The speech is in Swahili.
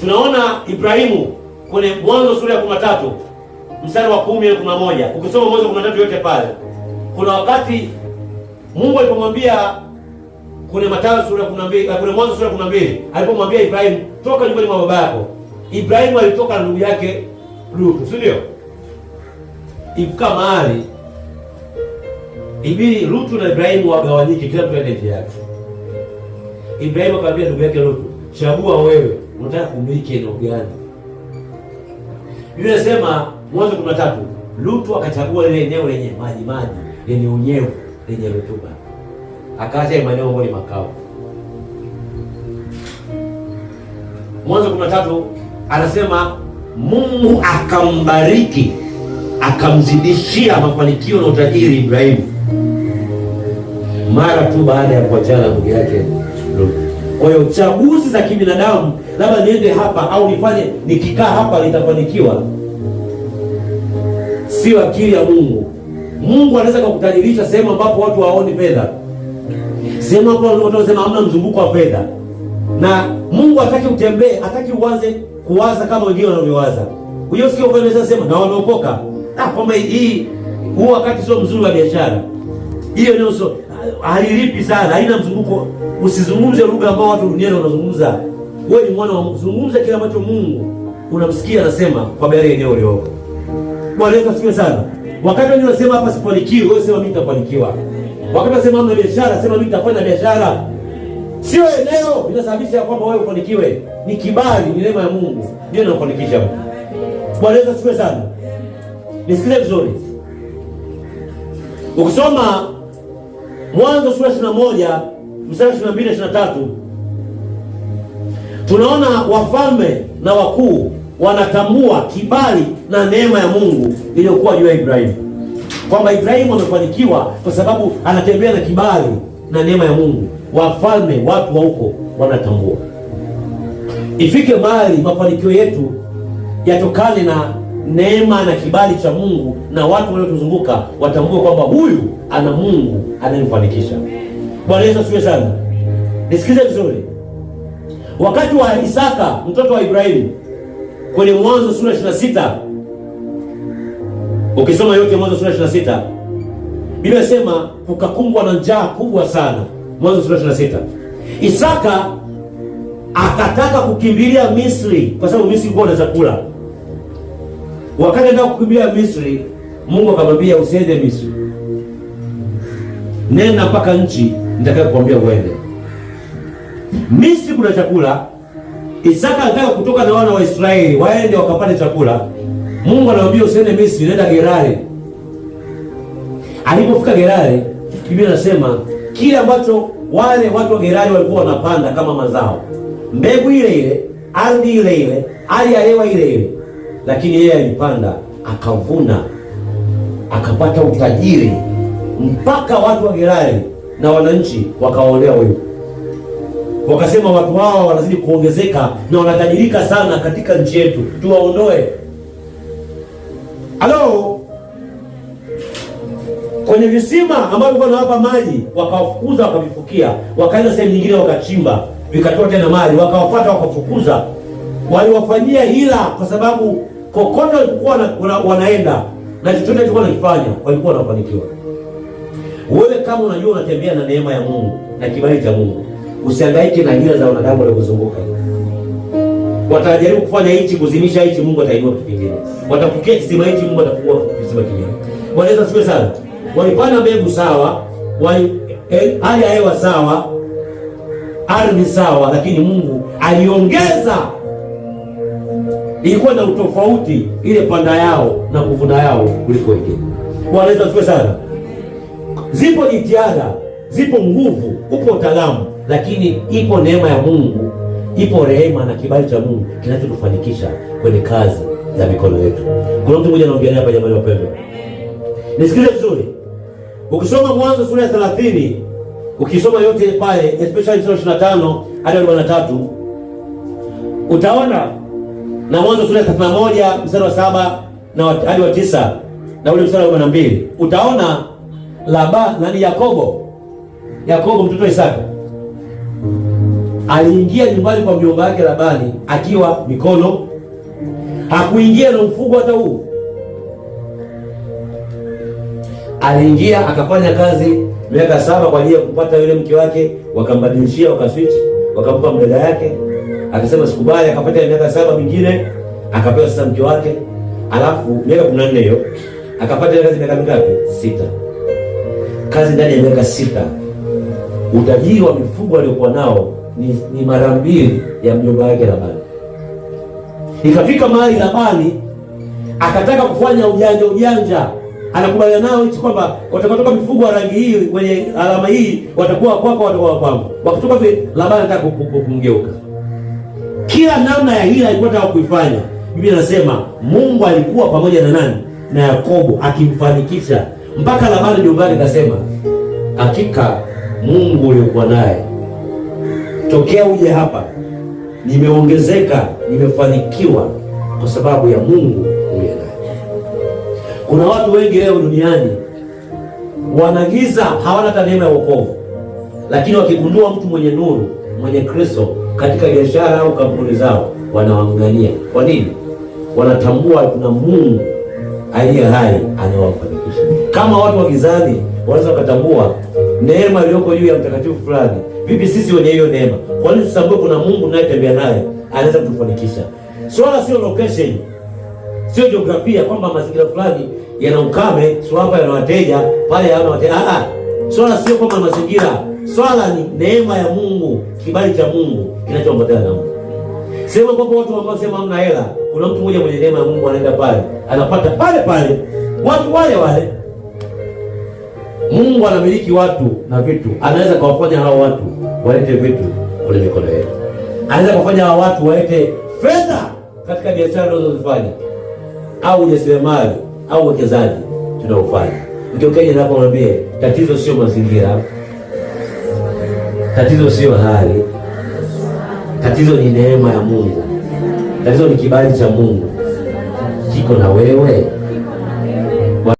Tunaona Ibrahimu kwenye Mwanzo sura ya 13 mstari wa 10 na kumi moja ukisoma Mwanzo kumi na yote pale, kuna wakati Mungu alipomwambia kwenye Mathayo sura ya 12, eh, kwenye Mwanzo sura ya 12, alipomwambia Ibrahimu, toka nyumbani mwa baba yako. Ibrahimu alitoka na ndugu yake Lutu, si ndio? Ifika mahali ibili Lutu na Ibrahimu wagawanyike, kila mtu aende njia yake. Ibrahimu akamwambia ndugu yake Lutu, chagua wewe unataka kumiliki eneo gani? Yule inasema Mwanzo kumi na tatu, Lutu akachagua lile eneo lenye maji maji, lenye unyevu, lenye rutuba, akaacha maeneo ambayo ni makao. Mwanzo kumi na tatu anasema Mungu akambariki akamzidishia mafanikio na utajiri Ibrahimu mara tu baada ya kuachana ndugu yake Lutu. Kwa hiyo chaguzi za kibinadamu, labda niende hapa au nifanye, nikikaa hapa litafanikiwa, sio akili ya Mungu. Mungu anaweza kukutadilisha sehemu ambapo watu waoni fedha, sehemu ambapo watu wanasema hamna mzunguko wa fedha, na Mungu hataki utembee, hataki uanze kuwaza kama wengine wanavyowaza. Hiyo kwa sema na wameokoka, ah, kwamba hii huu wakati sio mzuri wa biashara, hiyo ndio sio halilipi sana, haina mzunguko. Usizungumze lugha ambayo watu duniani wanazungumza. Wewe ni mwana wa Mungu, zungumza kile ambacho Mungu unamsikia anasema kwa habari ya eneo uliopo. Bwana Yesu asifiwe sana. Wakati wengine wanasema hapa sifanikiwi, wewe sema mimi nitafanikiwa. Wakati wanasema mna biashara, sema mimi nitafanya biashara. Sio eneo inasababisha ya kwamba wewe ufanikiwe, ni kibali, ni neema ya Mungu ndio inakufanikisha. Bwana Yesu asifiwe sana. Nisikilize vizuri. Ukisoma Mwanzo sura ishirini na moja mstari ishirini na mbili ishirini na tatu tunaona wafalme na wakuu wanatambua kibali na neema ya Mungu iliyokuwa juu ya Ibrahimu, kwamba Ibrahimu amefanikiwa kwa sababu anatembea na kibali na neema ya Mungu. Wafalme, watu wa huko wanatambua. Ifike mahali mafanikio yetu yatokane na neema na kibali cha Mungu na watu wanaotuzunguka watambue kwamba huyu ana Mungu anayemfanikisha. Bwana Yesu asifiwe sana. Nisikize vizuri, wakati wa Isaka mtoto wa Ibrahimu kwenye Mwanzo sura 26 ukisoma yote Mwanzo sura 26 Biblia inasema kukakumbwa na njaa kubwa sana. Mwanzo sura 26 Isaka akataka kukimbilia Misri kwa sababu Misri kulikuwa na chakula wakati ndio kukimbia Misri, Mungu akamwambia usiende Misri, nenda mpaka nchi nitakayokuambia uende. Misri kuna chakula. Isaka anataka kutoka na wana wa Israeli waende wakapate chakula. Mungu anamwambia usiende Misri, nenda Gerari. Alipofika Gerari, Biblia inasema kile ambacho wale watu wa Gerari walikuwa wanapanda kama mazao, mbegu ile ile, ardhi ile ile, hali ya hewa ile ile lakini yeye alipanda akavuna akapata utajiri mpaka watu wa Gerari na wananchi wakaolea huyu, wakasema watu hawa wanazidi kuongezeka na wanatajirika sana katika nchi yetu, tuwaondoe. Halo, kwenye visima ambavyo wanawapa maji wakawafukuza, wakavifukia, wakaenda sehemu nyingine, wakachimba, vikatoa tena maji, wakawafuata, wakafukuza. Waliwafanyia hila kwa sababu kokote walikuwa wanaenda na chochote walikuwa nakifanya walikuwa wanafanikiwa. Wewe kama unajua unatembea na neema ya Mungu na kibali cha Mungu, usihangaike na hila za wanadamu waliokuzunguka. Watajaribu kufanya hichi kuzimisha hichi, Mungu atainua kitu kingine. Watafukia kisima hichi, Mungu atafukua kisima kingine. Wanaweza siwe sana, walipanda mbegu sawa, wali eh, hali ya hewa sawa, ardhi sawa, lakini Mungu aliongeza ilikuwa na utofauti ile panda yao na kuvuna yao kuliko wengine. Bwana Yesu asifiwe sana. Zipo jitihada, zipo nguvu, upo utaalamu, lakini ipo neema ya Mungu, ipo rehema na kibali cha Mungu kinachotufanikisha kwenye kazi za mikono yetu. Kuna mtu mmoja anaongea hapa, jamani wapendwa, nisikilize vizuri. Ukisoma Mwanzo sura ya thelathini, ukisoma yote pale, especially sura tano hadi tatu utaona na Mwanzo sura ya 31 mstari wa saba na hadi wa tisa na ule mstari wa 12 utaona Laba nani Yakobo Yakobo mtoto wa Isaka aliingia nyumbani kwa mjomba wake Labani akiwa mikono, hakuingia na mfugo hata huu. Aliingia akafanya kazi miaka saba kwa ajili ya kupata yule mke wake, wakambadilishia, wakaswitch, wakampa mdada yake akasema sikubali, akapata miaka saba mingine akapewa sasa mke wake, alafu miaka kumi na nne hiyo akapata kazi miaka mingapi? Sita. Kazi ndani ya miaka sita, utajiri wa mifugo aliyokuwa nao ni, ni mara mbili ya mjomba wake Labani. Ikafika mahali Labani akataka kufanya ujanja ujanja, anakubaliana nao hichi kwamba watakaotoka mifugo wa rangi hii kwenye alama hii watakuwa kwako, watakuwa kwangu. Wakitoka vile, Labani anataka kumgeuka kila namna ya hila alikuwa anataka kuifanya. Biblia inasema Mungu alikuwa pamoja na nani? Na Yakobo akimfanikisha mpaka Labani nyumbani, akasema hakika Mungu uliokuwa naye tokea uje hapa nimeongezeka, nimefanikiwa kwa sababu ya Mungu uliye naye. Kuna watu wengi leo duniani wanagiza, hawana hata neema ya wokovu lakini wakigundua mtu mwenye nuru, mwenye Kristo katika biashara au kampuni zao, wanawaangalia. Kwa nini? Wanatambua kuna Mungu aliye hai anawafanikisha. Kama watu wa gizani wanaweza wakatambua neema iliyoko juu ya mtakatifu fulani, vipi sisi wenye hiyo neema? Kwa nini tusambue kuna Mungu tunayetembea naye anaweza kutufanikisha? Swala sio location, sio jiografia, kwamba mazingira fulani yana ukame, sio hapa yana wateja, pale yana wateja. Ah, ah. Swala sio kwamba mazingira, swala ni neema ya Mungu, kibali cha Mungu kinachoambatana na mtu Sema kwamba watu ambao sema hamna hela, kuna mtu mmoja mwenye neema ya Mungu anaenda pale, anapata pale pale watu wale wale. Mungu anamiliki watu na vitu, anaweza kuwafanya hao watu walete vitu kwenye mikono yetu, anaweza kuwafanya hao watu walete fedha katika biashara unazozifanya au ujasiriamali au uwekezaji tunaofanya. Ndio Kenya nakwambia, tatizo sio mazingira, tatizo sio hali, tatizo ni neema ya Mungu, tatizo ni kibali cha Mungu kiko na wewe.